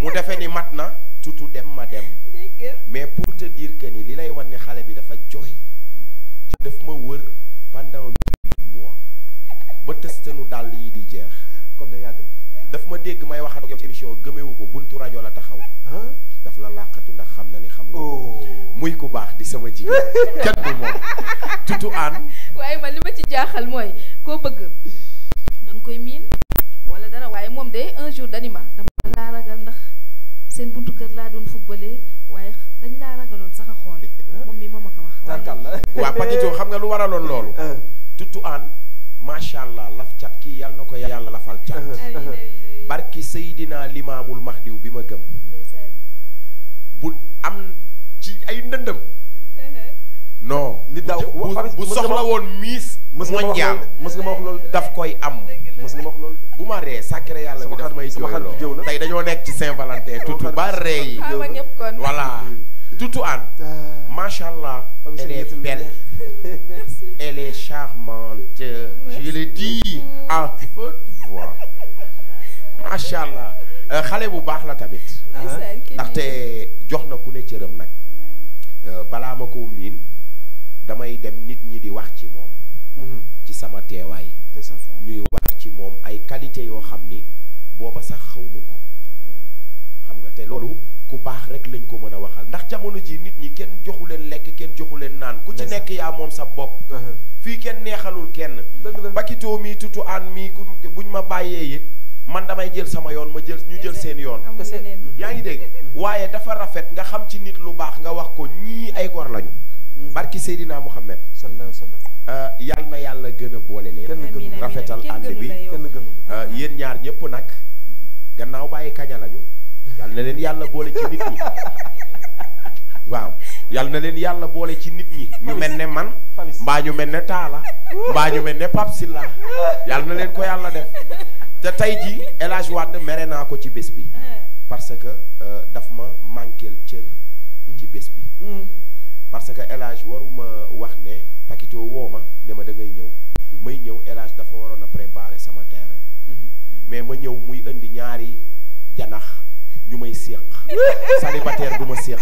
mu defee ni mat na tutu dem ma dem mais pour te dire que ni li lay wan ni xale bi dafa joxe ci daf ma wër pendant huit mois ba tëstanu dàll yi di jeex kon da yàgg na daf ma dégg may wax ak yow ci émission gëmewu ko buntu rajo la taxaw daf la làqatu ndax xam na ni xam nga oh. muy ku baax di sama jigéen kenn du moom tutu aan waaye man li ma ci jaaxal mooy koo bëgg danga koy miin wala dara waaye moom de un jour d'anima dama laa kër laa doon footballé waaye dañ laa ragaloon sax a xool eh, moom mi ma ma wax. tarkal la xam nga lu waraloon loolu. Eh. tuttu aan macha allah laf cat kii yàlla na ko yàlla lafal cat. Eh. barki Seydina Limaamul Mahdiw bi ma gëm. bu am ci ay ndëndëm. non. bu soxla woon miis. mës nga ma wax loolu daf koy am. mos nga wax loolu bu ma ree sàkkere yàlla bi daf may jooyloo tey dañoo nekk ci Saint-Valentin tutu ba ree yi voilà tutu an macha allah elle est belle charmante je le à haute voix macha allah euh, xale bu baax la tamit ndaxte jox na ku ne cëram nag euh, balaa ma koo miin damay dem nit ñi di wax ci moom ci sama teewaay ñuy wax ci moom ay qualité yoo xam ni booba sax xawma ko xam nga te loolu ku baax rek lañ ko mën a waxal ndax jamono ji nit ñi kenn joxu leen lekk kenn joxu leen naan ku ci nekk yaa moom sa bopp uh-huh. fii kenn neexalul kenn bakitoo mii tutu aan mii buñ ma bàyyee it man damay jël sama yoon ma jël ñu jël seen yoon yaa ngi dégg waaye dafa rafet nga xam ci nit lu baax nga wax ko ñii ay gor lañu mm. barki Seydina Muhammad sallallahu alayhi Euh, yal na yàlla gën a boole leen. kenn rafetal ànd bi kenn gënu euh, yéen ñaar ñëpp nag gannaaw bàyyi kaña lañu yal na leen yàlla boole ci nit ñi na leen yàlla boole ci nit ñi. ñu mel ne man mbaa ñu mel ne taala mbaa ñu mel ne Pape Silla yal na leen ko yàlla def te tey ji El Hadj Wade mere naa ko ci bés bi parce que euh, daf ma manqué cër ci bés bi mm. parce que El waruma wax ne. Pakito woo ma ne ma dangay ñëw. Hmm. may ñëw El dafa waroon a préparer sama terrain. Hmm. mais ma ñëw muy indi ñaari janax ñu may séq célibataire du ma séq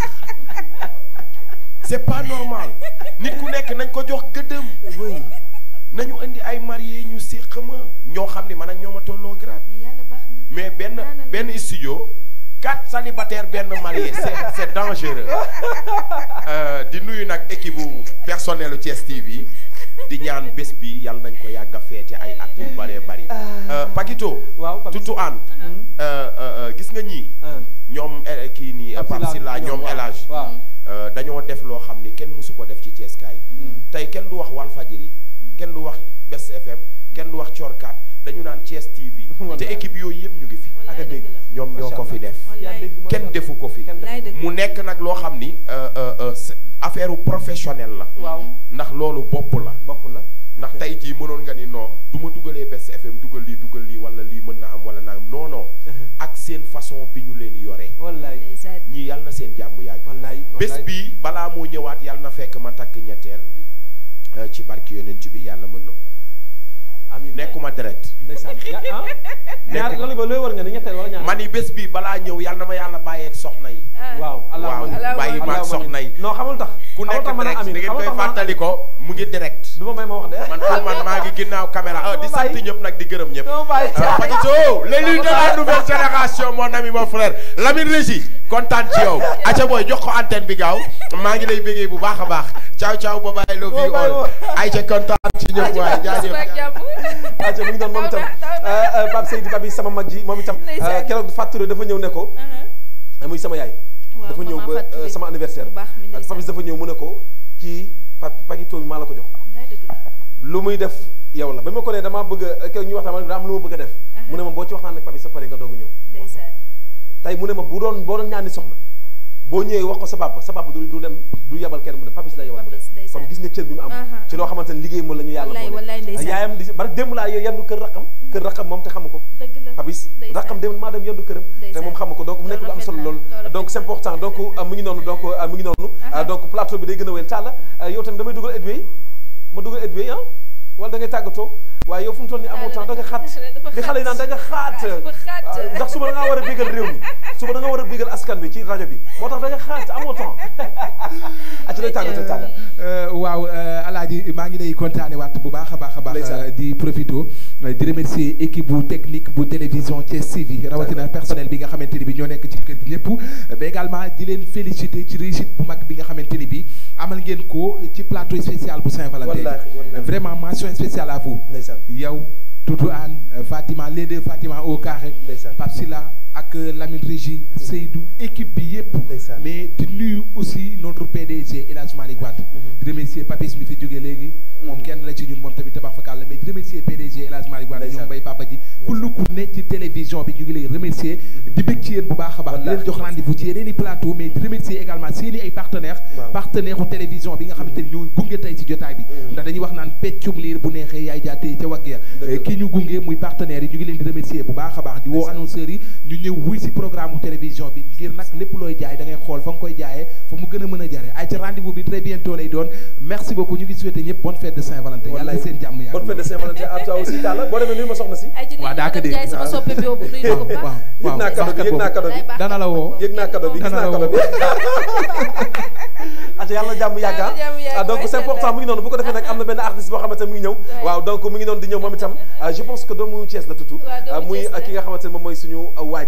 c'est pas normal nit ku nekk nañ ko jox gëddëm. nañu indi ay marié ñu séq ma ñoo xam ne man ak ñoo ma tolloo grade. mais yàlla baax benn benn studio. quatre célibataires benn marié c'est c'est dangereux euh, di nuyu nag équipe bu personnel u Thiès TV di ñaan bés bi yàlla nañ ko yàgg feete ay at yu bëree bëri. Ah. Euh, Pakito. waaw Tutu An. Hmm. Euh, gis nga ñii. Ah. ñoom eh, kii nii. Pape Sylla ñoom El Hadj dañoo def loo xam ni kenn mësu ko def ci Thiès kaay. Hmm. tey kenn du wax Walfadjri kenn du wax Best FM kenn du wax Corkat dañu naan Thiès TV. te équipe yooyu yëpp ñu ngi fi. ak a dégg ñoom ñoo ko fi def. kenn defu ko fi. mu nekk nag loo xam ni euh, euh, euh, affaire professionnelle la. Mm-hmm. ndax loolu bopp la. bopp la ndax tey jii mënoon nga ni non du ma dugalee Best FM dugal lii dugal lii wala lii mën na am wala naa am mm-hmm. ak seen façon bi ñu leen yoree. wallaay ñii yal na seen jàmm yàgg. wallaay bés bi balaa moo ñëwaat yal na fekk ma takk ñetteel. ci barke yonent bi yàlla mën no amiin nekkuma deret. ndeysaan ah. ñaar lan looy war nga ne ñetteel wala ñaar. man yi bés bi balaa ñëw yàlla ma yàlla bàyyeeg soxna yi. Ah. waaw allahumma waaw bàyyi ma soxna yi. non xamul tax ku nekk direct da ngeen koy fàttali ko mu ngi direct. du ma may ma wax de. man pour man maa ngi ginnaaw caméra ah di sant ñëpp nag di gërëm ñëpp. dama bàyyi ah, Fatou les leaders de la nouvelle génération mon ami mon frère Lamine Régis kontaan ci yow. aca booy jox ko antenne bi gaaw maa ngi lay bëggee bu baax a baax ciao ciao bye bye love you all ayca kontaan ci ñëpp waaye jaajëf aca mu ngi doon moom itam eh, eh, Pape Seydi Babi sama mag ji moom itam eh, keroog Fatou Touré dafa ñëw ne ko uh-huh. muy sama yaay dafa ñëw ba sama anniversaire Papis dafa ñëw mu ne ko ci kii pakito bi maa la ko jox lu muy def yow la ba ma ko nee damaa bëgg keroog ñu waxtaan ma ne ko daa am lu ma bëgg a def uh-huh. mu ne ma boo ci waxtaan ak Papis sa pare nga doog a ñëw tey mu ne ma bu doon boo doon ñaani soxna boo ñëwee wax ko sa papa sa papa du du dem du yabal kenn mu dem papis la yabal mu dem kon gis nga cër bi mu am ci loo xamante liggéey moo la yàlla yaayam di bari démb laa yow yendu kër raqam mhm. moom te moom xamu ko donc mu nekk lu am solo loolu donc c'est donc euh, mu ngi noonu euh, euh, donc plateau bi day gën a wéyal Talla yow tamit damay dugal Edwey ma dugal Edwey ah wala da ngay tàggatoo waaye yow fu mu toll nii amoo temps da nga xaat li xale naan da nga ah, war a bégal réew mi suba da nga war a askan bi ci rajo bi moo tax da nga xaar temps. Euh, waaw euh, Alaaji maa ngi lay kontaane waat bu baax euh, di profito di remercier équipe bu technique bu télévision TV rawatina personnel bi nga xamante ni bi ñoo ci kër également di leen féliciter ci réussite bu mag bi nga amal ngeen ko plateau spécial bu Saint-Valentin. vraiment mention spéciale à vous. yow Doudou Anne Fatima les deux Fatima au carré. Pape ak Lamine Régie Seydou équipe bi yëpp mais di nuyu aussi notre PDG El Hadj Malick Wade mhm. di remercier Papis mi fi jógee Légui, moom kenn la ci ñun moom tamit tabax fakal la mais di remercier PDG El Hadj Malick Wade ñoom Mbaye Papa ji kullu ku ne ci télévision bi ñu ngi lay remercier mhm. di bég ci yéen bu baax baax di jox rendez-vous ci yeneen i plateau mais di remercier également seeni ay partenaires partenaire u télévision bi nga mhm. xamante ni ñooy gunge tey ci jotaay bi ndax dañuy wax naan peccum liir bu neexee yaay jaatee ca wagg ya kii ñu gunge muy partenaires yi ñu ngi leen di remercier bu baax baax di woo annonceurs yi mujjee wuy si programme télévision bi ngir nag lépp looy jaay da ngay xool fa nga koy jaayee fa mu gën a mën a jare ay ci rendez-vous bi très bientôt lay doon merci beaucoup ñu ngi souhaité ñëpp bonne fête de Saint-Valentin yàlla ay seen jàmm yaa bonne fête de Saint-Valentin à toi aussi Talla boo demee nuyu ma soxna si waaw daa ko dégg sama soppe bi boobu nuyu ko waaw yëg naa kado bi yëg naa kado bi dana la woo yëg naa kado bi gis naa kado bi ac yàlla jàmm yàgga ah. ah donc c'est important mu ngi noonu bu ko defee nag am na benn artiste boo xamante ne mu ngi ñëw waaw donc mu ngi noonu di ñëw moom itam ah, je pense que doomu Thiès la tutu ah, muy ki nga xamante ne moom mooy suñu waaj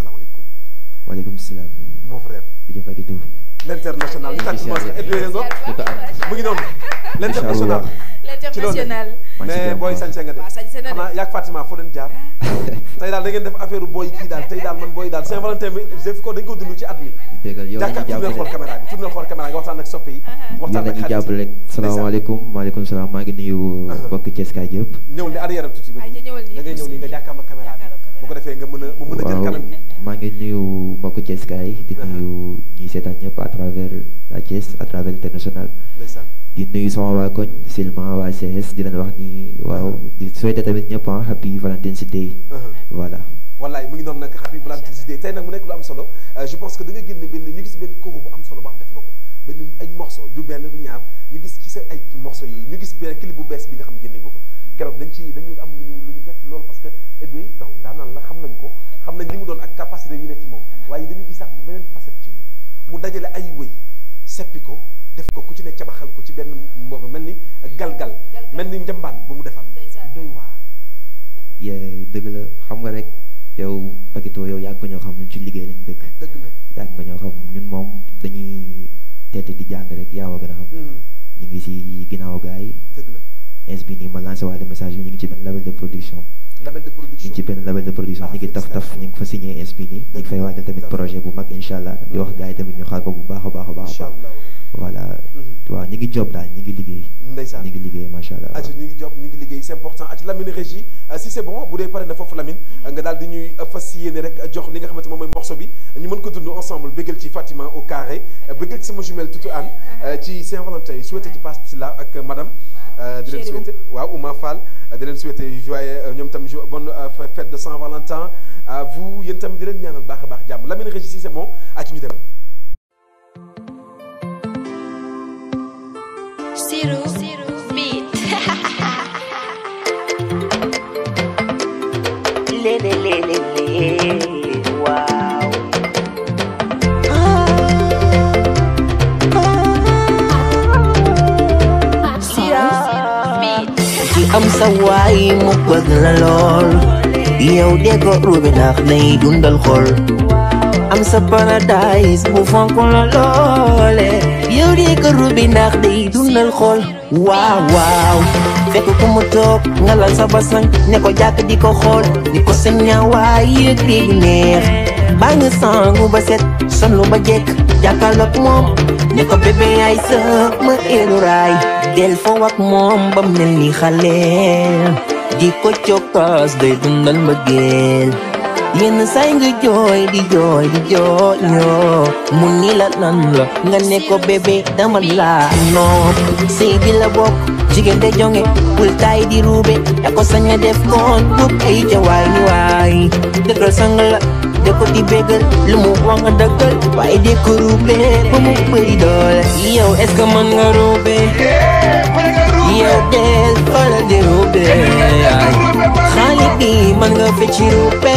waaleykum salaam. mon frère. di Fatou Diouf. l'international ñu tàgg commencé et puis les autres mu ngi noonu. booy sañse nga de. xanaa da ngeen booy kii daal tey bi def ko dañ ko dund ci at mi. dégg yow la ñuy jàppale jàkkaard xool bi tourné maa ngi nuyu mbokk Thiès kaay yëpp. ko defee nga mën a mën a jël kanam gi maa ngi nuyu mbokku Thiès kaay di nuyu ñuy seetaan ñëpp à travers la Thiès à travers l'international di nuyu sama waa koñ seulement waa CS di leen wax nii waaw di souhaiter tamit ñëpp ah happy Valentine's Day uh-huh. voilà. mu ngi noonu nag happy Valentine's Day tey mu nekk lu am solo euh, je pense que da nga génn benn ñu gis benn cover bu am solo ba am def nga ko benn ay morceau du benn du ñaar ñu gis ci sa ay morceau yi ñu gis benn clip bu bees bi nga xam génne nga ko keroog dañ ci dañu am lu lu ñu bett lool parce que Edway tam daanaan la xam nañu ko. xam na li mu doon ak capacité yi ne ci moom uh-huh. waaye dañu gisaat lu beneen facette ci moom mu dajale ay wëy seppi ko def ko ku ci ne cabaxal ko ci benn mbooba mel ni galgal mel ni njambaan ba mu defar doy waar yee dëgg la xam nga rek yow Pakito yow yàgg nga ñoo xam ñun ci liggéey lañ dëkk dëgg la yàgg nga ñoo xam moom dañuy teete di jàng rek yaa ma gën a xam mm-hmm. ñu ngi si ginnaaw gaay dëgg la ins bi nii ma lancé waale message bi ñu ngi ci benn label de production ci benn label de production ñu ngi ah, taf taf ñu fa signé SP nii ñu ngi fay waajal tamit projet bu mag incha allah di wax gars yi tamit ñu xaar ko bu baax a baax a baax baax. voilà. waaw mhm. ñi ngi job dal ñi ngi liggéey. ndeysaan ñi ngi liggéey macha allah. ati ñu ngi job ñi ngi liggéey c'est important ati Lamine Régie euh, si c'est bon bu dé pare na fofu Lamine mhm. nga dal di ñuy euh, fas rek jox li nga xamanté moom mooy morceau bi ñu mën ko dund ensemble bégal ci Fatima au carré euh, bégal ci sama jumelle tutu Anne ci Saint-Valentin yi souhaité ci passe ci la ak madame. di leen souhaité waaw Ouma Fall di leen souhaité joyeux ñom tam bonne fête de Saint-Valentin vous yéen tam di leen ñaanal baax a baax jàmm Lamine Régie si c'est bon ati ñu dem سيرو بيت لي لي لي لي لي am sa waay mu bëgg la lool yow de ko rubi naax nay dundal xol am sa paradise mu fonkoon la di ko rubi ndax day dundal xol waaw waaw fekk ku mu toog ngalal sa basang ne ko jàkk di ko xool di ko sa ñaawaay yëg di neex baa sangu ba set sonlu ba jekk jàkkaarloo ak moom ne ko bébé yaay raay del foo ak moom ba mel ni xale di ko cokkaas day dundal mbëggeel yenn say nga jooy di jooy jooy ñoo mu ni la nan la nga ne ko bébé dama laa noon sëy bi la bokk jigéen de jonge bul taay di ruube da ko sañ a def koon bub ay jawaay ni waay dëggal sang la de ko di bégal lu mu wax nga dëggal waaye de ko ruube ba mu bëri doole yow est-ce que nga ruube year fala de rube Khalidi man nga fi ci rube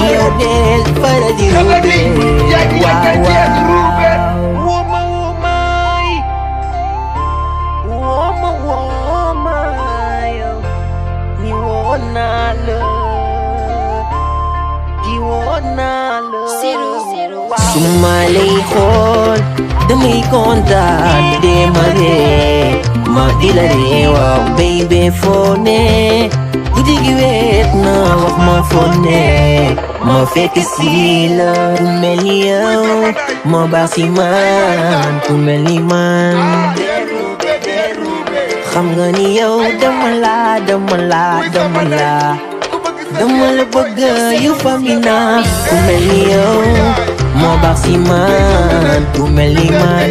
Year del fala de rube Wow wow su ma lay xool damay kontaan dee ma madilarewa beibe fone kujigiwetna wax ma fone ma fekk si la ku ma si man man xam nga ni yow dama la dama la dama la dama la bëgg yu famina ku mel ni yow ma baax man ku mel man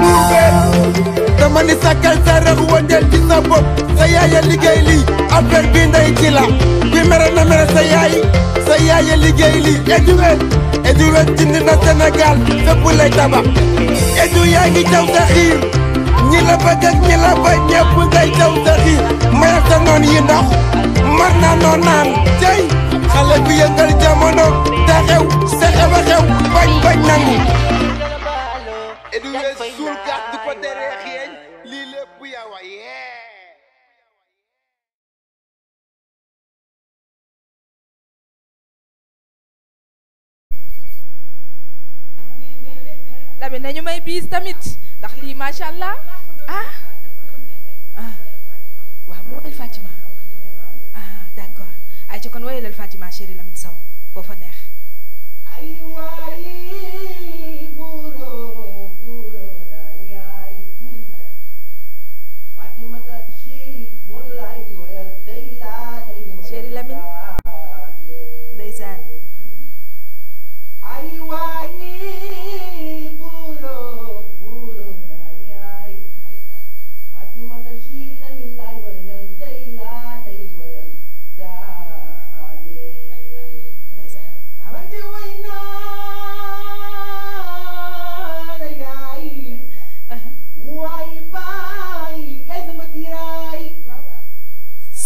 dama ni sakkal sa rëb wëndeel ci sa bopp sa yaay a liggéey lii a bi ndey ci la bi mere na mere sa yaay sa yaay a liggéey lii Eduwet Eduwet jënd na Sénégal fépp lay tabax Edu yaa ngi jaw sa xiir ñi la bëgg ak ñi la bañ ñëpp ngay jaw sa xiir yi ndox mar naa noo naan xale bi yëngal jamono te xew sa xew a xew bañ bañ nangu هللويا وياه لا من أي ماي بيز تاميت دخلي ما شاء الله آه آه وامو الفاطمة آه دكتور أجي كنوي الفاطمة شيري لا متساو فوفنخ أيوة What did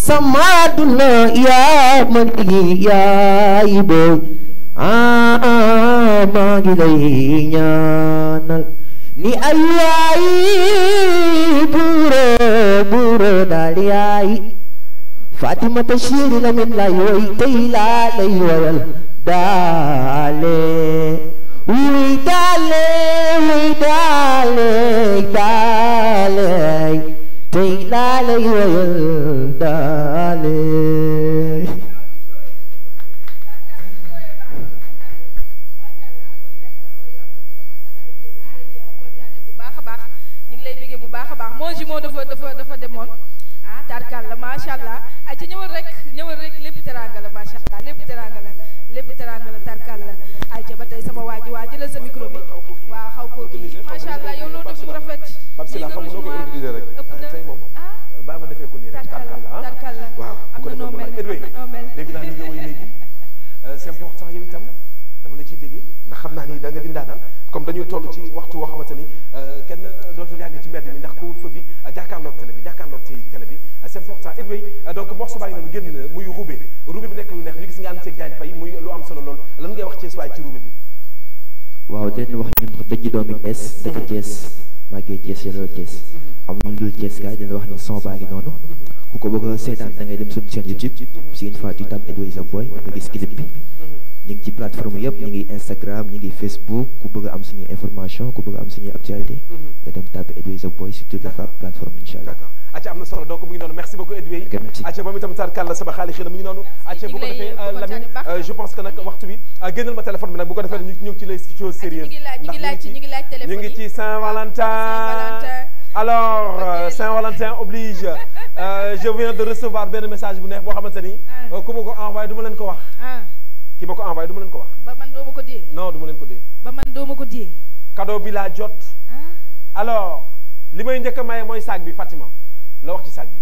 samaaduna yaa man yaay booy ah, ah maa ngi lay ñaanal ni ay yaay buuro buuro daal yaay Fatimata Cheri Lamin la yooy tey laa lay woyal daale wuy daale wuy daale daale Teylalıyım dalim dégg naa ni nga woy léegi euh, c'est important yow itam dama la ciy déggee ndax xam naa ni da nga di ndaanaan comme dañuy toll ci waxtu woo xamante ni euh, kenn euh, dootul yàgg ci mbedd mi ndax ku feu bi bi jàkkaarloog ci bi c'est important et puis donc morceau baa ngi noonu génn nekk lu neex ñu gis nga ànd ceeg Diagne Faye muy lu am solo lool lan ngay wax Thiès waaye ci roube bi waaw den wax ñun dëgg doomi Thiès dëkk Thiès màggee Thiès yaloo Thiès mm-hmm. amuñu lu Thiès kaay dina wax ni son ngi noonu mm-hmm. ku ko bëgg a seetaan da ngay dem suñu chaîne YouTube si une fois tu tapes Edways a Boy nga gis clip bi ñu ngi ci plateforme yëpp ñu ngi Instagram ñu ngi Facebook ku bëgg am suñuy information ku bëgg am suñuy actualité nga dem tapé Edways a Boy sur toutes les plateformes allah. d'accord am na solo donc mu ngi noonu merci beaucoup Edways. ok merci acca moom itam tarkalla saba xaali xëy na ngi noonu. acca bu defee Lamine ñu ngi ci Saint-Valentin. alors euh, saint Euh, je viens de recevoir benn message bu neex boo xamante ni. Ah. ku ma ko envoyé du leen ko wax. Ah. ki ma ko envoyé du leen ko wax. ba man doo ma ko dee. non du ma leen ko dee. ba man doo ma ko dee. cadeau bi laa jot. Ah. alo li may njëkk a maye mooy saag bi Fatima la wax ci saag bi.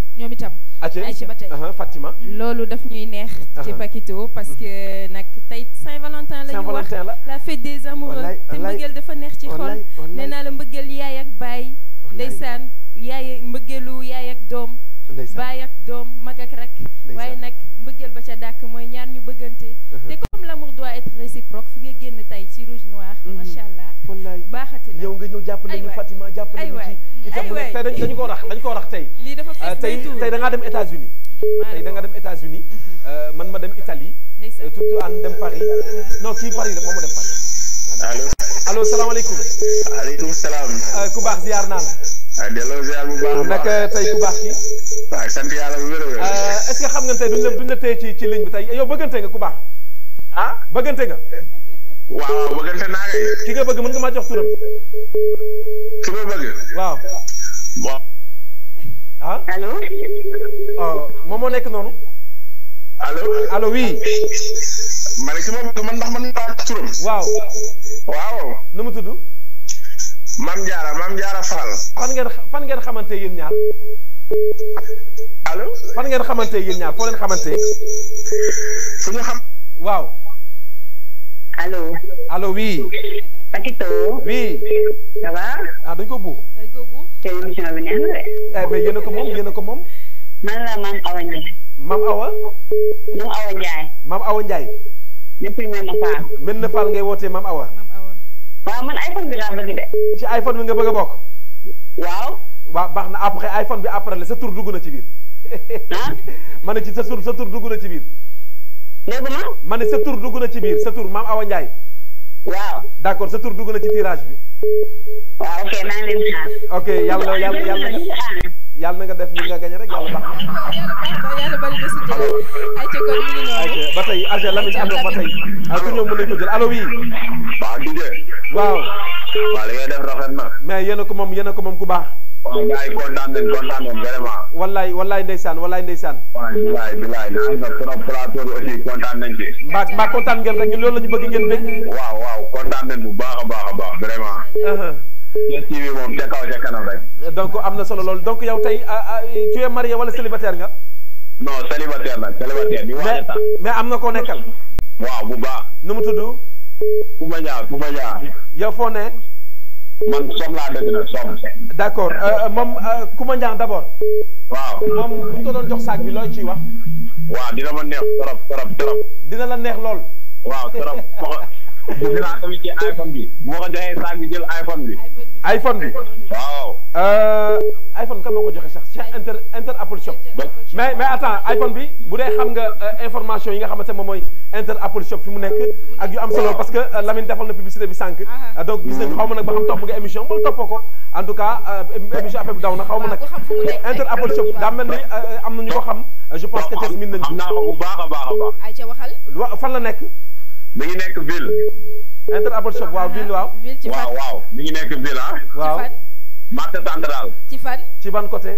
ñoom itam. ayca ba tey Fatima. loolu daf ñuy neex. ci Pakito parce que mhm. nag tey Saint-Valentin la ñu wax la fête des amoureux te mbëggeel dafa neex ci xol nee naa la mbëggeel yaay ak baay ndeysaan yaay mbëggeelu yaay ak doom. baay ak doom mag ak rek waaye nag mbëggeel ba ca dàkk mooy ñaar ñu bëggante. te comme l'amour doit être réciproque fi nga génn tey ci rouge noir. Mhm. macha allah baaxati na yow nga ñëw jàppale ñu Fatima jàppale ñu ci jàpp ne tey dañu ko rax dañu ko rax tey euh, tey tey da ngaa dem États-Unis tey da dem États-Unis mhm. euh, man ma dem Italie euh, tout an dem Paris non kii Paris la moom ma dem Paris allo allo salaamaaleykum aleykum salaam ku baax ziar naa la ah delloo ziar bu baax naka tey ku baax ki waaw sant yàlla bu wér est que xam nga tey duñ la duñ la téye ci ci ligne bi tey yow bëggante nga ku baax ah bëggante nga Wow, bagaimana sana ya. Tiga bagaimana kemana turun? Coba bagian. Wow. Wow. Ah? Halo. Oh, ah, mau mau naik nono? Halo. Halo, wi. Mari semua teman teman turun? Wow. Wow. Nomor tujuh. Mam jara, mam jara fal. Fan gen, fan Halo. Fan gen kamante yin nyar. Fan gen Wow halo halo oui. Patito. Oui. Ça va? ah dañ ko buux. dañ ko buux. tey émission bi neex na de. mais yéen a ko moom yéen ko moom. man la maam Awa Ndiaye. maam Awa. maam Awa Ndiaye. maam Awa Ndiaye. depuis mel na Fall. mel na ngay Awa. maam Awa. man iPhone bi laa bëgg de. ci iPhone bi nga bëgg a bokk. waaw. na après iPhone bi après la sa tur dugg na ci biir. ah. ma ne ci sa tur sa na ci dégguma. ma ne sa tur dugg na ci biir sa tur maam Awa Ndiaye. waaw. d' accord sa tur dugg na ci tirage bi. waaw ok maa ngi leen xaar. ok yàlla yàlla yàlla yàlla na nga def ni nga gañe rek yàlla baax na. yàlla bari na si jël ay ca kon ñu noonu. ba tey Aja Lamine Ado ba tey ay ku ñëw mën nañu ko jël allo oui. waaw Dj. waaw. waaw li ngay def rafet na. mais yéen a ko moom yéen a ko moom ku baax. waaw gars yi kontaan nañ kontaan nañ vraiment. wallaay wallaay ndeysaan wallaay ndeysaan. waay bilaay bilaay naan na trop plateau bi aussi kontaan nañ ci. mbaa mbaa kontaan ngeen rek loolu la bëgg ngeen bëgg. waaw waaw kontaan bu baax a baax a baax vraiment. Thiès uh-huh. TV moom ca kaw ca kanam rek. donc am na solo loolu donc yow tey ah, ah, tu es marié wala célibataire nga. non célibataire la célibataire bi. mais mais am nga koo nekkal. waaw bu baax. nu mu tudd. Koumba Ndiaye Koumba Ndiaye. yow foo ne. man som laa dëgg nag som. d' accord euh, euh, moom Coumba euh, Ndiakh d' abord. waaw moom bu ñu ko doon jox saak bi looy ci wax. waaw dina man neex trop trop trop. dina la neex lool. waaw trop gis naa bi moo ko joxee saa bi jël iPhone bi. iPhone bi waaw. Euh, iPhone kan moo ko joxe sax Cheikh inter inter Apple shop. mais mais attends iPhone bi bu dee xam nga euh, information yi nga xam ne moom mooy inter Apple shop fi mu nekk ak yu am solo parce que euh, Lamine defal na publicité bi sànq. Ah. donc gis nañ xaw ma nag ba xam topp nga émission ba toppoo ko en tout cas émission affaire bi daw na xaw ah, na ñu xam. je pense que Thiès miin na ko. naa bu baax baax. fan la nekk. mi ngi nekk ville. inter apple shop waaw ville waaw. waaw waaw mi ngi nekk ville ah. waaw ci central. ci fan. ci ban côté.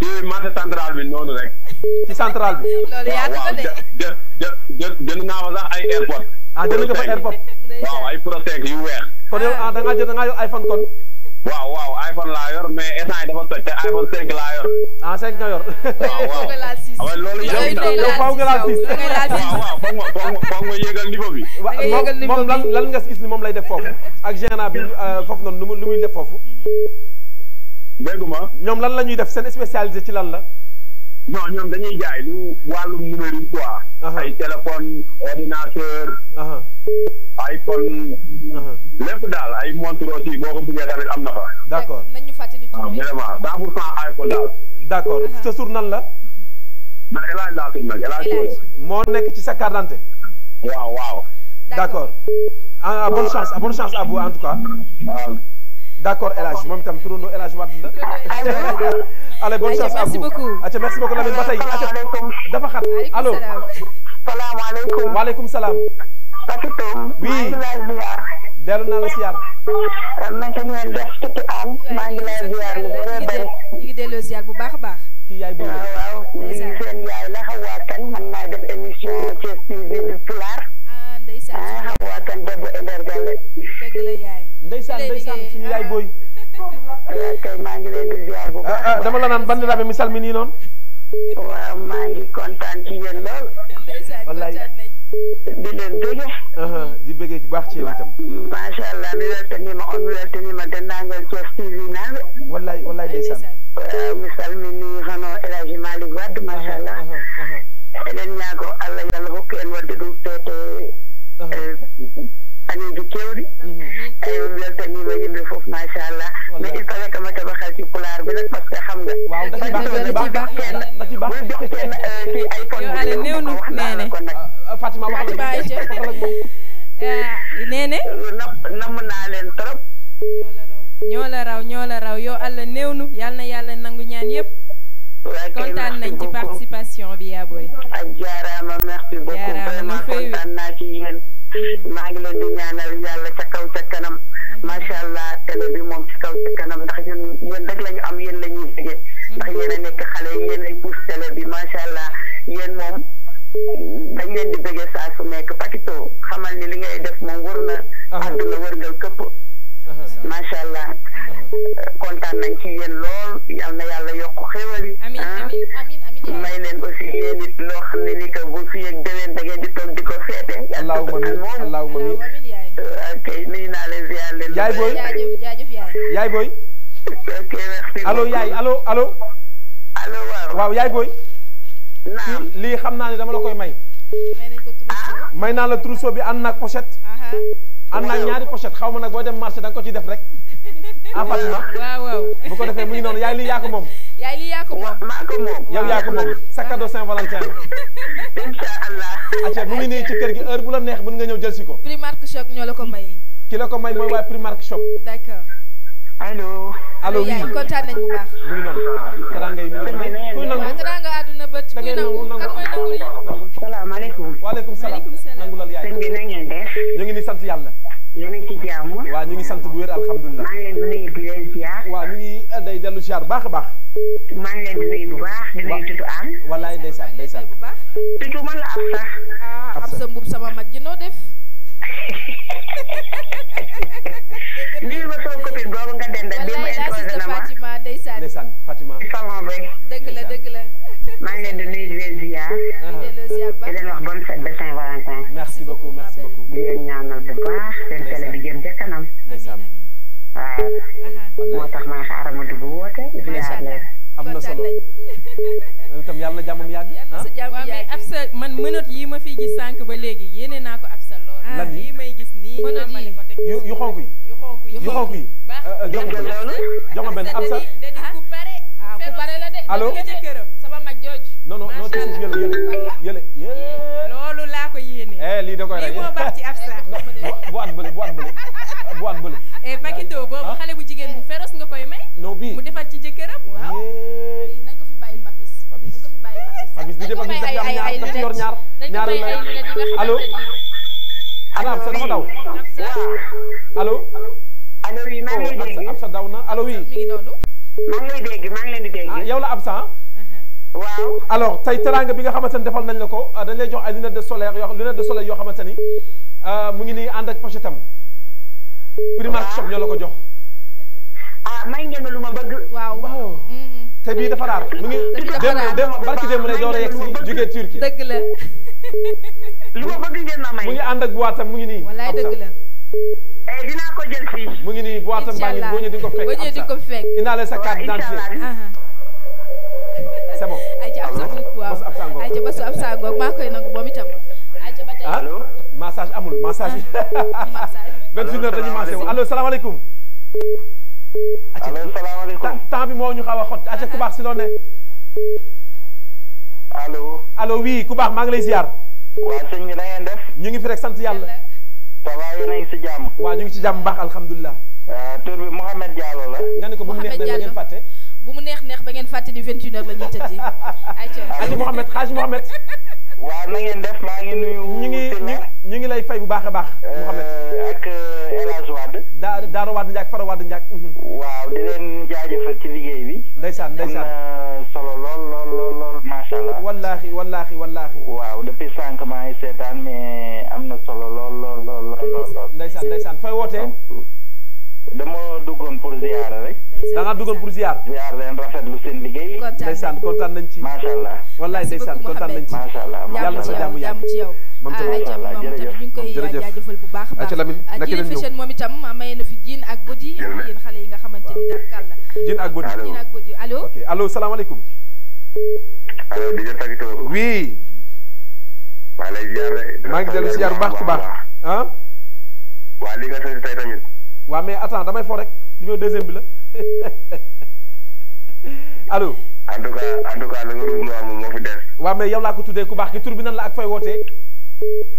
ci marché central bi noonu rek. ci central bi. loolu yaatu na de waaw jë jënd naa fa sax ay airport. ah jënd nga fa airport. waaw ay protek yu weex. kon yow ah da ngaa jënd ngaa yor iPhone kon. waaw waaw iPhone laa yor mais instant dafa toj te iPhone 5 laa yor. ah 5 nga yor. waaw waaw waaw loolu yow faaw nga laal 6. waaw nga foog nga yéegal niveau bi. moom lan lan nga gis ni moom lay def foofu ak gérant bi euh, foofu noonu lu muy def foofu. dégg ma ñoom lan la ñuy def seen spécialité ci lan la. non ñoom dañuy jaay lu wàllum numérique quoi. Uh-huh. ay téléphone ordinateur. Uh-huh. iPhone. Uh-huh. lépp daal ay montre aussi boo ko buggee tamit am na fa. d' accord nañu fàttali tur bi ah, vraiment 100 pour cent d' accord sa nan la. man El Hadj laa tur nag moo nekk ci sa carte d' identité. waaw waaw. d' accord ah bonne chance bonne chance à vous tout cas. Ah. D'accord, Elage. Moi, je suis tourné Elage Wad. Allez, bonne chance à vous. Merci beaucoup. Acha, merci beaucoup, Lamine Bataille. Acha, dafa xat. Allô. Salam alaikum. Wa alaikum salam. Pakito. Oui. Dellu naa la ziar. Man ta ñëw def ci am. Maa ngi lay ziar bu ngi delloo ziar bu baax a baax. Kii yaay bu waaw. Seen yaay la Hawa Kane man maa def émission Thiès du Pulaar. Ah, ndeysaan. Ah, Hawa Kane debbo énergal. ndeysaan ndeysaan suñu yaay booy kay maa ngi leen di ziar bu baax ah, ah, dama la naan bandiraɓe mi salmini noon waaw maa ngi kontaan ci yéen lool di leen bëgge uh-huh, di bëggee baax ci yow itam macha allah mi weltanima waaw mi salmini hono Elhaji Malick Wade macha allah uh-huh, uh-huh, eɗen ñaago allah yo allah hokku en wadde ɗum aneejo kewɗi eyi mhm. on weltanima yimɓe foof machallah mais il fallait kama tabaxal ci pulaar bi nag parce que xam nga bul jox kenn euh, ci ay fonko naa ko nag ah, fatima wax ah, naa leen trop ñoo la raw ñoo la raw yow allah néewnu yal na yàlla nangu ñaan yépp kontaan nañ ci participation bi yaa booy a jaaraama merci beaucoup vraiment kontaan naa ci yéen ma ngi leen di ñaanal yàlla ca kaw ca kanam macha allah télé bi moom ca kaw ca kanam ndax ñun yéen rek la ñu am yéen la ñuy jóge mhm. ndax yéen a nekk xale yéen ay pousse télé bi macha allah yéen moom dañ leen di bëgge saa su nekk pakito xamal ni li ngay def moom wër na àdduna wërgal këpp macha allah kontaan nañ ci yéen lool yal na yàlla yokk xéwal yi ah. ya may leen aussi yéen it loo xam ne ni que bu allahuma amin allahuma amin ok nuyu naa leen ziar leen yaay boy, jaajëf jaajëf yaay yaay booy ok merci allo yaay allo allo allo waaw waaw yaay booy naam lii xam naa ne dama la koy may may nañ ko trousseau may naa la trousseau bi ànd naag pochette ah. ànd naag ñaari pochette xaw ma nag boo dem marché da ko ciy def rek ah Fatima waaw waaw bu ko defee mu ngi noonu yaay lii yaa ko moom yaay lii yaa ko moom maa ko moom yow yaa ko moom sa cadeau Saint-Valentin inshallah allah. mu ngi nii ci kër gi heure bu la neex mën nga jël Primark shop ñoo la ko may. ki la ko may Primark shop. d'accord. allo. allo oui iya, kontaan nañ bu baax. mu ngi noonu. teraanga yi mu ngi noonu. kuy nangu waaw teraanga àdduna bët. kuy kan mooy nangu lii. salaamaaleykum. waaleykum salaam nangu lal yaay. sëñ bi na ngeen def. ñu ngi ni sant yàlla. yéen ñu ngi sant bu wér alhamdulilah. maa ngi leen di nuyu di leen ziar. ñu ngi day ziar baax baax. ngi leen di nuyu bu baax. di nuyu am. bu baax. Pitu man la ab ah mbub sama mag def. lii ma soo copine boobu nga dendal lii ma introsé Fatima ndeysaan ndeysaan Fatima. salon bi dëgg la dëgg la. maa ngi leen di nuyu di leen ziar. wax bonne fête de Saint-Valentin. merci beaucoup merci beaucoup. di leen ñaanal bu baax seen télé bi jëm ca kanam. ndeysaan waaw. moo tax ma solo loolu itam yàlla na jàmmam yàgg. yàlla na ah. sa jàmm yàgg ab sa man mënat yi ma fiy gis sànq ba léegi yéene naa ko ab sa lool. Ah. lan yi may gis nii. mënat yi yu yu xonk yi. yu xonk yi yu xonk yi. jox ma benn jox ma benn ab sa. ku pare ah, ku pare la de. allo sama mag jooju. non non non te suuf yële yële yële. Eh, loolu laa ko yéene. Eh, lii da koy rey lii moo baax ci ab sa. bu at bële bu at bële bu at bële. Pakito boobu xale bu jigéen bu féroce nga koy may. non bii mu defar dem ak ñu def am ñaar daf yor ñaar ñaar yu lay allo ana daw na allo oui mi ngi noonu maa ngi lay dégg leen di ah, yow la Absa ah? uh-huh. waaw alors tey teraanga bi nga xamante ni defal nañ la ko ah, dañ lay jox ay lunettes de soleil yoo lunettes de soleil yoo xamante ni mu ngi nii ànd ak pochette am uh-huh. Primark shop ñoo la ko jox ah may ngeen lu ma bëgg mm. te dafa raar mu ngi dem dem barki dem lay door a yegg si jógee dëgg la lu ma bëgg ngeen ma may mu ngi ànd ak boitam mu ngi nii walaay dëgg la eh, dinaa ko jël mu ngi nii boitam baa ngi boo ñëwee di nga ko fekk boo ñëwee di sa carte d'identité c'est bon ayca ab sa waaw ayca ba su ab sa ngoog maa koy nangu moom itam ah? massage amul massage yi vingt une heures dañuy massé wu allo allo salaamaaleykum temps bi moo ñu xaw a xot aca ku baax si loo ne. allo. allo oui ku baax maa ngi lay ziar. waa sëñ bi na ngeen def. ñu ngi fi rek sant yàlla. ça va na a ngi si jàmm. waa ñu ngi si jàmm baax alhamdulilah. Euh, tur bi Mouhamed la. nga ko bu mu neex neex ba ngeen fàtte. bu mu neex neex ba ngeen fàtte ni 21h la ñuy tëddee. ayca Aliou Mouhamed Xaaji Mouhamed. waaw na ngeen def maa ngi nuyu. ñu ngi ñu ngi lay fay bu baax a baax. Euh, Mouhamed ak euh, El Hadj Wade. Daara Daara Wade Ndiak Fara Wade Ndiak. Mhm. waaw di leen jaajëfal ci liggéey bi. ndeysaan ndeysaan am na solo lool lool lool lool macha allah. wallaahi wallaahi wallaahi. waaw depuis sànq maa ngi seetaan mais am na solo lool lool lool lool lool. ndeysaan ndeysaan fay wootee. dama duggoon pour ziyaara rek. da ngaa duggoon pour ziar. ziar leen rafetlu seen liggéey. ndeysaan kontaan nañ ci. macha allah wallaay ndeysaan kontaan nañ ci. macha allah yàlla na sa jàmm yàgg ah, moom tamit ñu ngi koy jaajëfal bu a baax jine ah, fashion moom itam may na fi jiin ak bodi yéen xale yi nga xamante ni daal kàll la jiin ak bodi jiin ak bodi allo ok allo salaamaaleykum allo di nga tàggatoo oui lay maa ngi dellu ziar bu baax ci baax ah? waa li nga seet tey tamit waa mais attends damay fo rek numéro deuxième bi la allo. en tout cas en tout la nga ruub lu am moo fi des. waaw mais yow laa ko tuddee ku baax ki tur bi nan la ak fay woote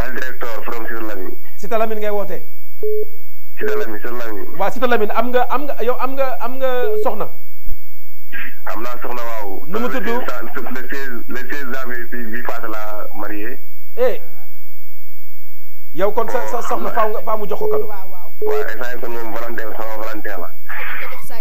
en directeur from Cité Lamine. Cité Lamine ngay woote Cité Lamine Cité Lamine. waaw Cité Lamine am nga am nga yow am nga am nga soxna. am naa soxna waaw. nu mu tudd le seize le seize janvier bi bi passé la marié. eh yow kon sa soxna faaw nga mu jox ko cadeau. waaw instant yii kon moom Valentin sama Valentin la.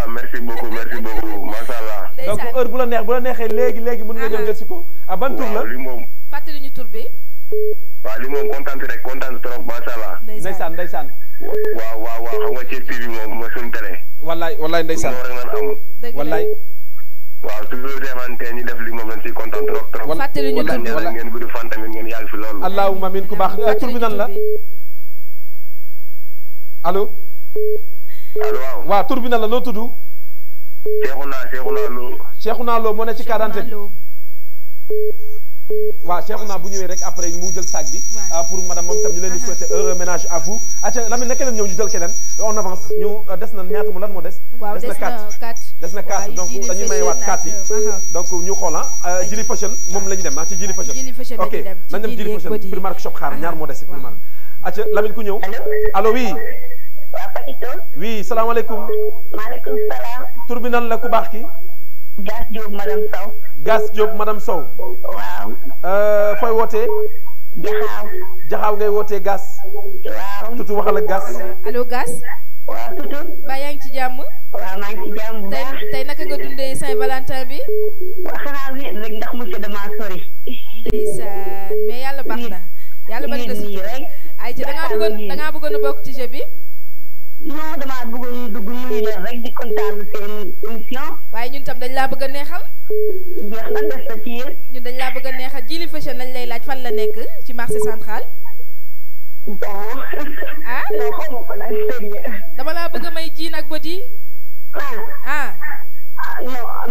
waaw ah, merci beaucoup merci beaucoup macha allah. donc bu la neex bu la neexee léegi léegi mën nga jël jël si ko. ah ban tur la li moom. fàttali ñu tur bi. waaw li moom kontaan rek kontaan trop macha allah. ndeysaan ndeysaan. waaw waaw waaw xam nga Thiès TV moom suñu télé. wallaay wallaay ndeysaan loolu rek am. wallaay. waaw toujours defante ñu def li moom lañ si kontaan trop trop. fàttali ñu tur bi wala ngeen gudd fan tamit ngeen yàgg fi loolu. allahumma amiin ku baax tur bi nan la allo. allo waaw waaw tur bi na la noo tudd. Cheikhouna Cheikhouna Lo. Cheikhouna Lo moo ne ci quarante bi. waaw Cheikhouna bu ñëwee rek après mu jël sac bi. Euh, pour madame moom itam ñu leen di uh-huh. souhaiter heureux ménage à vous. acca Lamine na keneen ñëw ñu jël keneen on avance ñu euh, des na ñaata mu lan moo des. waaw des na quatre des na quatre donc dañuy mayewaat quatre yi. donc ñu xool ah euh, Jili moom la dem ah ci Jili Fashion. ok nañ dem Jili Fashion Primark shop xaar ñaar moo des ci Primark. acca ku ñëw allo waa Fatick Lo. oui salaamaaleykum. maaleykum salaam. nan la ku baax ki Gass Diop madame Sow. Gass Diop madame Sow. waaw. Euh, fooy woote Jaxaaw. Jaxaaw ngay woote gas waaw tutu waxal ak gas allo Gass. tutu. ba yaa ngi ci jàmm. waaw maa tey tey naka nga dundee Saint-Valentin bi. waaw xanaa bi rek ndax monsieur damaa sori. mais yàlla baax na. yàlla bari na si ay ci da ngaa bëggoon da ngaa bëggoon a bokk ci jeu bi. ma damaa bëggoon dugg nuyu leen rek di kontaan seen émission. waaye ñun tam dañ laa bëgg a neexal. jeex na des dañ laa bëgg a neexal Djily Fashion lañ lay laaj fan la nekk ci marché central. bon. Ah? dama laa bëgg a may ji nag bët yi. ah ah. ah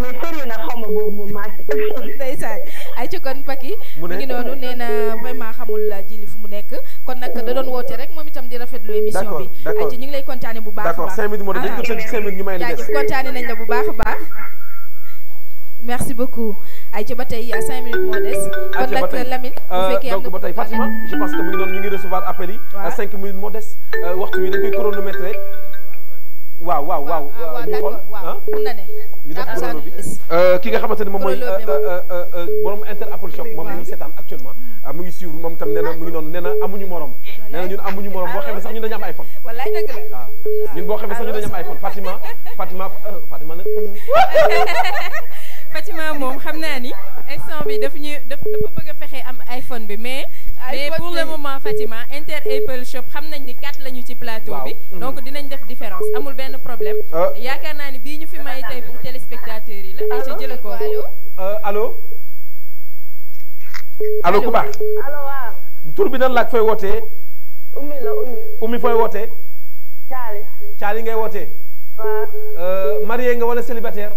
non sérieux nag xaw ma boobu moom marché. ndeysaan. ay ci kon Paki mu ngi noonu nee na xamul jili fu mu nekk kon nag da doon woote rek moom itam di rafetlu émission bi ay ci ñu ngi lay kontaane bu baax a baax merci beaucoup ay ci ba tey euh, cinq minutes moo des kon nag Lamine bu euh, fekkee donc ba tey Fatima je pense que mu ngi noonu ñu ngi recevoir appel yi cinq minutes moo des euh, waxtu wi dañ koy chronométrer waaw waaw wow. ñu xool ñu def bi euh, ki nga xamante euh, euh, inter apple shop moom mi ngi seetaan actuellement ah, mu ngi suivre moom itam nee na ngi noonu amuñu morom nee ñun amuñu morom boo xamee sax ñun dañu am iPhone wallaay dëgg la ñun sax dañu am iPhone Fatima Fatima Fatima Fatima ni instant bi dafa bëgg am iPhone bi mais mais pour le moment Fatima Inter Apple Shop xam nañ ni quatre lañu ci plateau bi. Mhm. donc dinañ def différence amul ben problème. Ah. yaakaar naa ni bii ñu fi may tay pour téléspectateurs yi la. ayca jële ko euh, allô allô allô ku baax allo waaw. tur bi nan la fay fooy wootee. la ummi. ummi fay wootee. caali. caali ngay wootee. waaw. Euh, marié nga wala célibataire.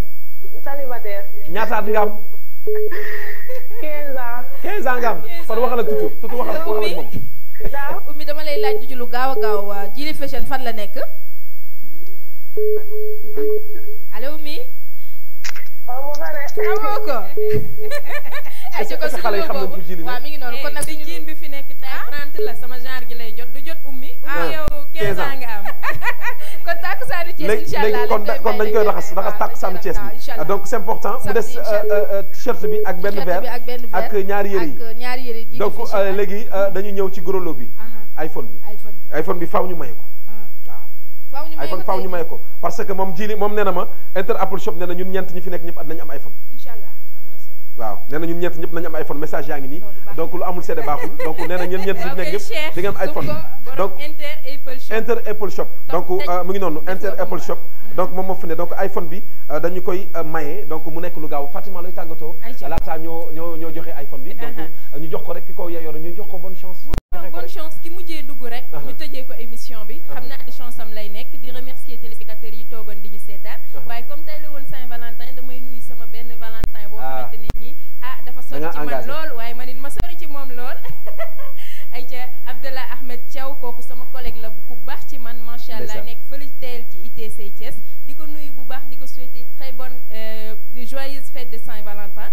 célibataire. ñaataat nga am. 15 ans nga am kon waxal ak tutu tutu waxal ak waxal ak moom. dama lay laaj ci lu gaaw a gaaw Djily euh, Fashion fan la nekk allo Oumy. xamoo ko. ay ci ko si xale yi xam ko Djily waaw mi eh, bi fi nekk tey 30 ah? la sama genre gi lay jot du jot Oumy. ah takkusaanu Thiès incha allah kon kon dañ koy raxas raxas takkusaanu Thiès bi donc c'est important mu des euh, euh, shirt bi ak benn verre ak ñaari yére yi donc euh, léegi dañu ñëw ci gorolo bi iPhone bi iPhone bi faw ñu maye ko ah. waaw iPhone faaw ñu maye ko parce que moom jili moom nee na ma inter Apple shop nee ñu ñun ñeent ñi fi nekk ñëpp at nañu am iPhone waaw nee na ñun ñeent Donc nous am iPhone message yaa ngi nii donc lu amul seede baaxul donc nee na di iPhone donc inter Apple shop donc mu ngi noonu inter Apple shop donc euh, moom moo donc iPhone bi euh, dañu koy euh, maye donc mu nekk lu gaaw Fatima lay tàggatoo ñoo ñoo ñoo joxe iPhone bi donc ñu jox ko rek ki ko ñu jox ko bonne chance bonne chance ki mujjee dugg rek ñu tëjee ko émission bi xam naa chance am lay nekk di remercier téléspectateurs yi toogoon di ñu comme nga engagé lool waaye man it ma sori ci moom lool ay ca Abdallah Ahmed Thiaw kooku sama collègue la ku baax ci man macha allah nekk fële teel ci it ITC Thiès di ko nuyu bu baax di ko souhaiter très bonne euh, joyeuse fête de Saint-Valentin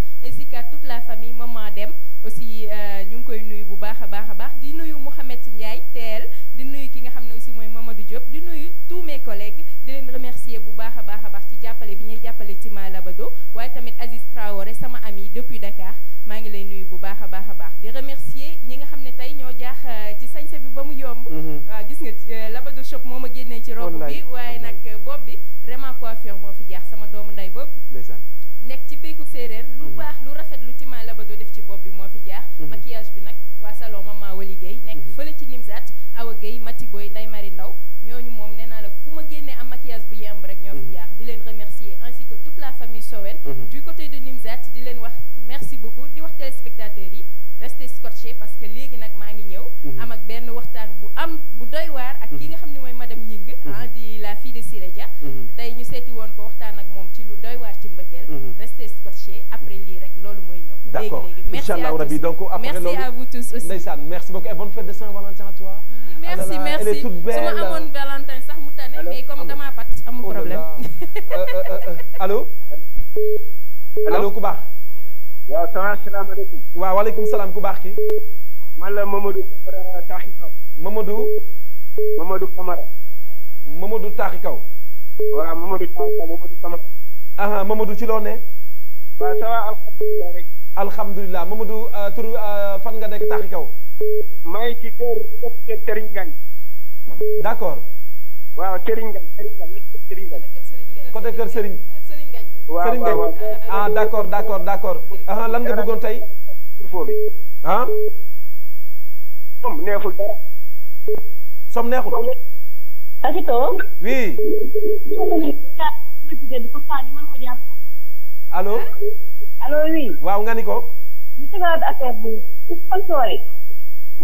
génnee ci robe bi waaye nag bopp bi vraiment moo fi jaax sama doomu nday donc après Merci à vous tous aussi. Ndeysaan merci beaucoup et bonne fête de Saint-Valentin à toi. Ah merci merci elle est toute belle su ma Valentin sax mu mais comme damaa pat amul oh problème. allo. allo ku baax. waaw salaamaaleykum. waaw alaykoum. salaam ku baax ki man la Mamadou Camara Taaxi Mamadou. Mamadou Camara. Mamadou Tahikaw. Kaw. Mamadou Taaxi Mamadou Camara. ah Mamadou ci loo ne. waaw ça va alhamdulilah alhamdulilah Mamadou euh, tur euh, fan nga nekk taxi kaw. may ci kër Serigne Ngagne. d' accord. waaw Serigne d' accord accord lan nga bëggoon tey. foofu ah? neexul dara. neexul. Akito. oui. alo wi waaw nga ni ko. ñu tëggaat affaire bi sponsor yi.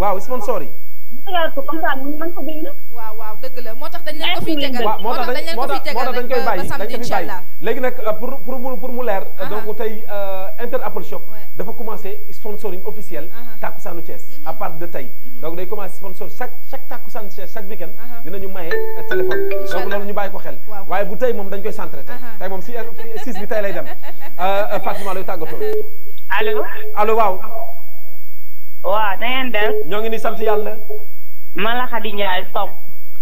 waaw sponsor yi. ñu tëggaat ko comme ça ñu mën ko bind. waaw dëgg la moo tax dañ leen ko fiy tegal waaw moo tax dañ moo tax dañ koy bàyyi dañ ko fi bàyyi léegi nag euh, pour pour mu pour leer euh, donc tey euh, Inter Shop dafa commencé sponsoring officiel Takusaanu Thiès mhm. à part de tey mhm. donc day commencé sponsor chaque chaque Takusaan Thiès chaque week-end dinañu maye téléphone donc loolu ñu bàyyi ko xel waaye bu tey moom dañ koy centré tey tey moom si siis tey lay dem Fatima lay tàggatoo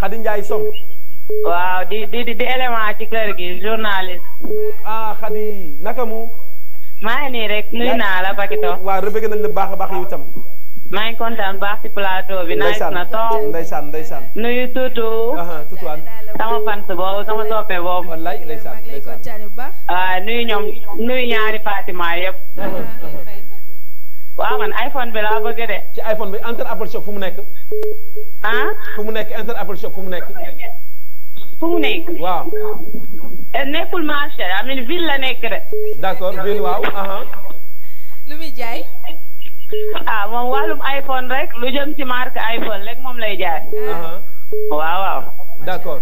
Khady Ndiaye Som waaw di di di élément ci kër gi journaliste. ah Khady naka mu. maa ngi nii rek nuyu naa la Pakito. waa rëbëgg nañ la baax a baax yow tam. maa ngi kontaan baax ci plateau bi. ndeysaan na toog ndeysaan ndeysaan. nuyu tuutu. tuutu an. sama fans boobu sama soppe boobu. wallaay ndeysaan ndeysaan. waaw nuyu ñoom nuyu ñaari Fatima yëpp. waa man iPhone bi laa bëgg de. ci iPhone bi Inter Apple Shop fu mu nekk. ah. fu mu nekk Inter Apple Shop fu mu nekk. fu mu nekk. waaw. Eh, nekkul marché amin ville la nekk de. d'accord ville waaw. Uh-huh. lu muy jaay. ah moom wàllum iPhone rek lu jëm ci marque iPhone rek moom lay jaay. Uh-huh. waaw waaw. d'accord.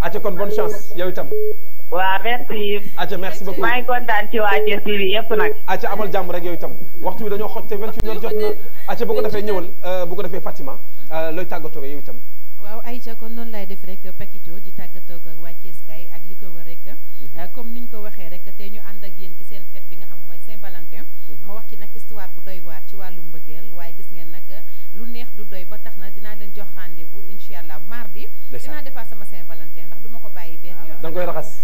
acca kon bonne chance yow itam. waaw merci. atia merci beaucoup maa ngi kontaan ci waa Thiès yëpp nag. atia amal jàmm rek yooyu itam waxtu bi dañoo xoj te 28 heures jot na atia bu ko defee ñëwal euh, bu ko defee Fatima euh, looy tàggatoo yow itam. waaw Aïcha kon noonu laay def rek Pakito di tàggatoo ak waa Thiès kay ak li ko wër rek mhm. euh, comme ñu ko waxee rek tey ñu ànd ak yéen ci seen fet bi nga xam mooy Saint-Valentin. Mhm. ma wax ci nag histoire bu doy waar ci wàllu mbëggeel waaye gis ngeen nag lu neex du doy ba tax na dinaa leen jox rendez-vous incha allah mardi. dinaa defaat ndax du ma ko bàyyi benn yoon. da nga koy raxas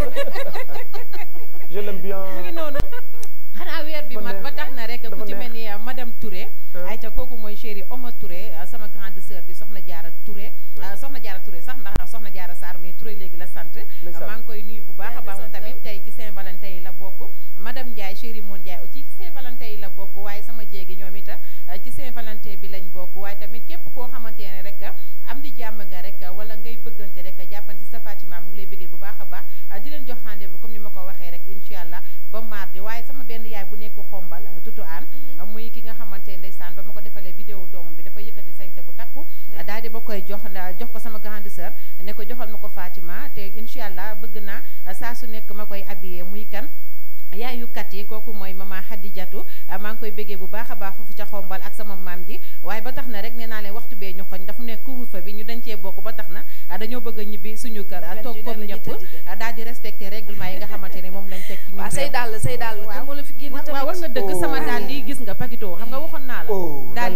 je l'aime bien. mu ngi noonu xanaa weer bi mat ba tax na rek ku ci mel ni euh, madame Touré. ay ca kooku mooy chérie Oma Touré euh, sama grande sœur bi soxna Jaara Touré. Euh, soxna Jaara Touré sax ndax soxna Jaara Sarr mais Touré léegi la sant. maa ngi koy nuyu bu baax a baax moom tamit tey ci Saint Valentin yi la bokk. madame Ndiaye chérie Moon Ndiaye aussi ci Saint Valentin yi la bokk waaye sama jéegi ñoom ita ci Saint Valentin bi lañ bokk waaye tamit képp koo xamante ma koy jox jox ko sama grande sœur ne ko joxal ma ko Fatima te incha allah bëgg naa euh, saa su nekk ma koy habillé muy kan yaayukat yi kooku mooy ma maman Hadijatu euh, maa ngi koy béggee bu baax a baax foofu ca xombal ak sama maam ji waaye ba tax na rek nee naa leen waxtu bee ñu xoñ dafa nekk couvre-feu bi ñu dañ cee bokk ba tax na euh, dañoo bëgg a ñibbi suñu kër toog comme ñëpp daal di respecté règlement yi nga xamante ne moom lañ teg ci ñu say dàll say dàll waaw la fi génn sama dàll yi gis nga pakito xam nga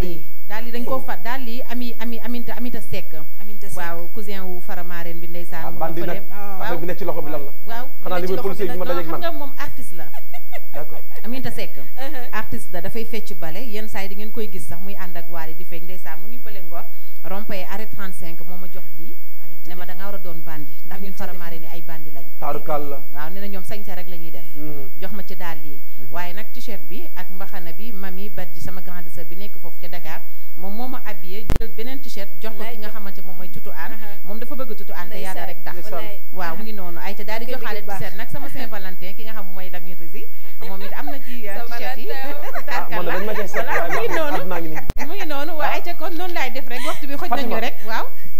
daal di dañ koo oh. fat dal di ami ami aminta aminta Seck. aminta Seck waaw cousin wu fara bi bi nekk ci loxo bi lan la. waaw xanaa moom artiste la. d'accord aminta Seck. Uh-huh. artiste la dafay fecc bale yenn saa di ngeen koy gis sax muy ànd ak waari di fecc ndeysaan mu ngi fële Ngor. rompé arrêt 35 moo ma jox lii. ne ma da nga war a doon bandi ndax ñun faramaare ni ay bandi lañ taarukal la waaw ne na ñoom sañse rek la def hmm. jox ma ci dàll yi hmm. waaye nag t-shirt bi ak mbaxana bi mami Badji sama grande sœur bi nekk foofu ca Dakar moom moo ma habillé jël beneen t-shirt jox ko ki nga xamante moom mooy tutu aan uh-huh. moom dafa bëgg tutu aan te yàlla rek tax waaw mu ngi noonu ay ca daal di joxaale t-shirt nag sama Saint Valentin ki nga xam mooy Lamine Rizi moom it am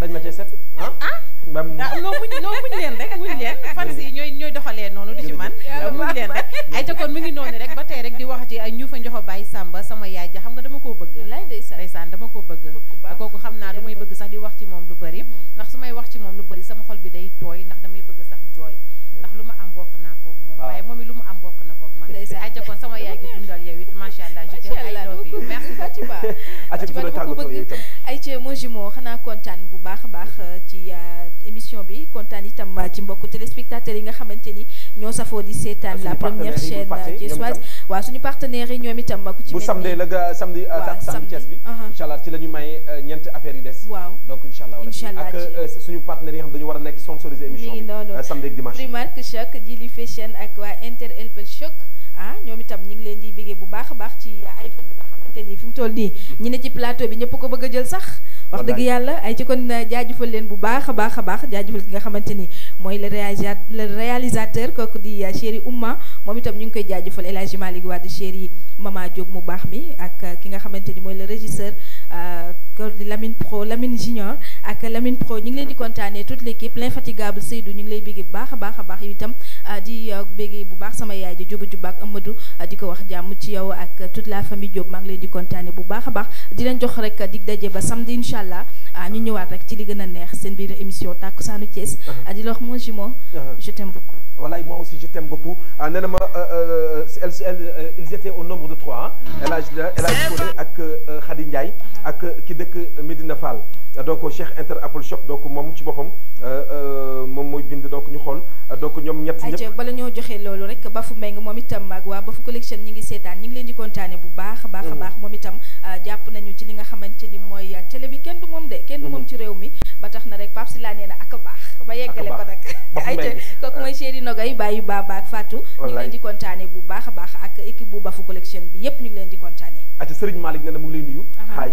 na uh, ah waaw ah, noo muñ noo muñ leen rek muñ leen fans yi ñooy ñooy doxalee noonu di ci man muñ leen rek ay ca mu ngi noonu rek ba tey rek di wax ci ay ñu fa njoxo bàyyi Samba sama yaay ja xam nga dama koo bëgg ndeysaan dama koo bëgg kooku xam naa damay bëgg sax di wax ci moom mm-hmm. bi day tooy ndax damay bëgg sax jooy ndax lu ma am bokk naa kook moom waaye moom it lu mu am bokk na kook man ay ca kon sama yaay gi dundal yow it macha allah je t'aime I love you merci Fatima Fatima dama ko bëgg ay ca moo xanaa kontaan bu baax a baax émission bi kontaan itam ci mbokk téléspectateurs yi nga xamante ni ñoo safoo di seetaan la première chaîne thiessoise waaw suñu partenaires yi ñoom itam ku bu samedi la euh, samedi samedi Thiès bi incha ci la ñu euh, ñeent affaires yi des waaw donc incha ak euh, suñu partenaires yi nga xam dañu war a nekk sponsorisé émission bi samedi ak dimanche Primark Choc Jili Fashion ak waa Inter Elpel Choc ah ñoom itam ñu leen di béggee bu baax a baax ci iPhone mm-hmm. a wax dëgg yàlla ay ci kon euh, jaajëfal leen bu baax a baax a baax jaajëfal ki nga xamante ni mooy le réalisa réalisateur kooku di euh, chéri Ouma moom itam ñu ngi koy jaajëfal El Hadji Malick Wade chéri Mama Diop mu baax mi ak euh, ki nga xamante ni mooy le régisteur Lamine Pro Lamine Junior ak Lamine Pro ñu ngi leen di toute l'équipe l'infatigable Seydou ñu ngi lay béggee bu baax a baax a baax itam ah, di ah, béggee bu baax sama yaay ji Jóoba Jóob Amadou ah, di ko wax jàmm ci yow ak toute la famille Jóob maa ngi leen di kontaanee bu a baax di leen jox rek dig daje ba samedi incha allah ñu ñëwaat rek ci li gën a neex seen biir émission Takkusaanu Thiès uh-huh. di mon jumeau uh-huh. je t'aime beaucoup voilà moi aussi je t'aime beaucoup en na euh, euh, euh, ils étaient au nombre de trois hein. elle a El Hadj Kone ak Khady Ndiaye uh-huh. ak dëkk Medina Fall donc Cheikh Inter Apple Shop euh, euh, mooy bind donc ñu xool donc ñoom ñett ñëpp bala ñoo joxe loolu rek Bafou Mbengue moom itam ak waa Bafou collection ñi ngi seetaan ñi ngi leen di kontaane bu baax a baax a mm. baax moom itam euh, jàpp nañu li nga xamante ni mooy télé bi kenn du moom de kenn du moom mm. ci réew mi ba tax na rek Pape Sylla nee na ak baax ba yeggale ko nag ayca kooku mooy Chéri Nogay bàyyi Baba ak Fatou ñu ngi leen di kontaane bu baax a baax ak équipe bu Bafou collection bi yépp ñu ngi leen di kontaane aca Serigne Malick nee na mu ngi lay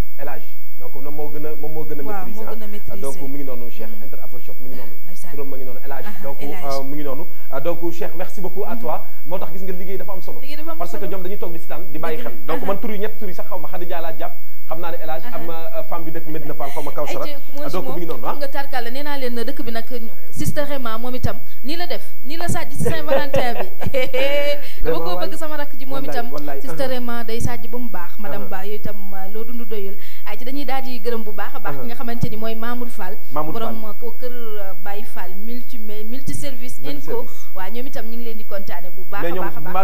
El donc moom moo gën a moom moo gën a maîtriser ah. donc mi ngi noonu Cheikh Inter Shop mi ngi noonu turam ma ngi noonu El ah, donc ah, mi ngi noonu donc Cheikh merci beaucoup à mm-hmm. moo tax gis nga liggéey dafa am solo parce que ñoom dañuy toog di sitaan di bàyyi xel donc man uh-huh. tur ñett tur sax xaw ma Khadija jàpp xam naa ne El am uh-huh. euh, femme bi dëkk Medina Fall xaw ma donc mi ngi noonu ah nga tarkal nee naa leen dëkk bi nag sister Rema la def nii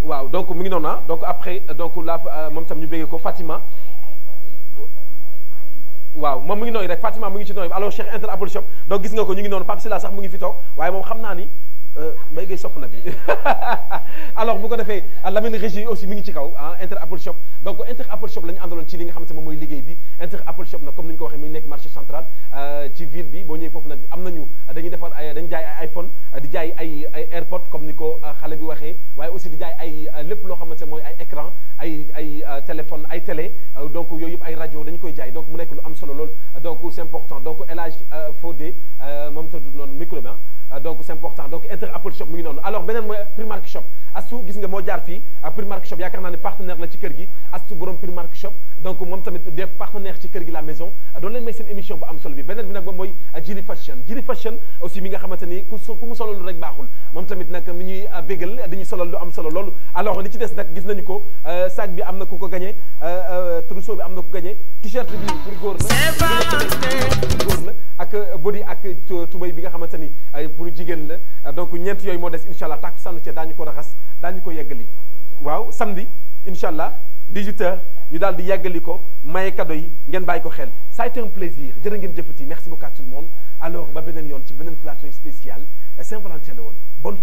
Wow, donc mu ngi ah, donc après donc la euh, Fatima waaw mu Fatima mu alors Cheikh Inter Apple Shop donc gis nga ko ñu pas de cela ça sax mu ngi fi euh, alors Régie aussi ah, Inter Apple Shop donc Inter Apple Shop la ñu ci li nga Inter Apple Shop nag comme marché central euh, ci ville bi faut amener nous, à am dañuy airport comme Nico ko euh, bi aussi di jaay ay euh, lepp lo xamante moy ay écran ay ay euh, téléphone ay télé donc yooyu yëpp ay radio dañ koy jay donc mu nek lu am solo lol donc c'est important donc El Hadj Fodé moom tëdd micro bien ah. donc c'est important donc inter Apple Shop mu ngi alors benen Primark Shop asu gis nga mo jaar fi Primark Shop yakarna né partenaire la ci kër gi Astou borom Primark Shop donc mom tamit des partenaires ci kër gi la maison don len may sen émission bu am solo bi benen bi nak Jili Fashion Jili Fashion aussi mi nga xamante ku mu solo rek baaxul moom tamit nag mi ñuy ah, bégal dañuy solal lu am solo loolu alors li ci des nag gis nañu ko euh, sac bi am na ku ko gagné euh, euh, trousseau bi am na ku gagné t-shirt bi pour góor la góor la ak body ak tubay bi nga xamante ni pour jigéen la donc ñeent yooyu moo des incha allah tàkku sànnu ca daañu ko raxas daañu ko yeggali waaw samedi incha allah ñu daal di yàggali ko maye cadeau yi ngeen bay ko xel ça a été un plaisir jërë ngeen jëfati merci beaucoup à tout le monde alors ba benen yoon ci benen plateau spécial Saint-Valentin le woon bonne